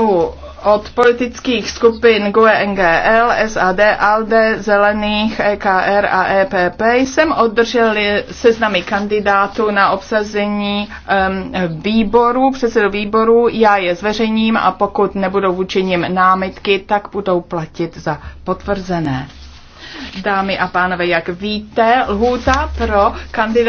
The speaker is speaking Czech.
u, od politických skupin GUE NGL, SAD, ALDE, Zelených, EKR a EPP jsem obdržel seznamy kandidátů na obsazení um, výboru, předsedu výboru. Já je zveřejním a pokud nebudou vůči nim námitky, tak budou platit za potvrzené. Dámy a pánové, jak víte, lhůta pro kandidat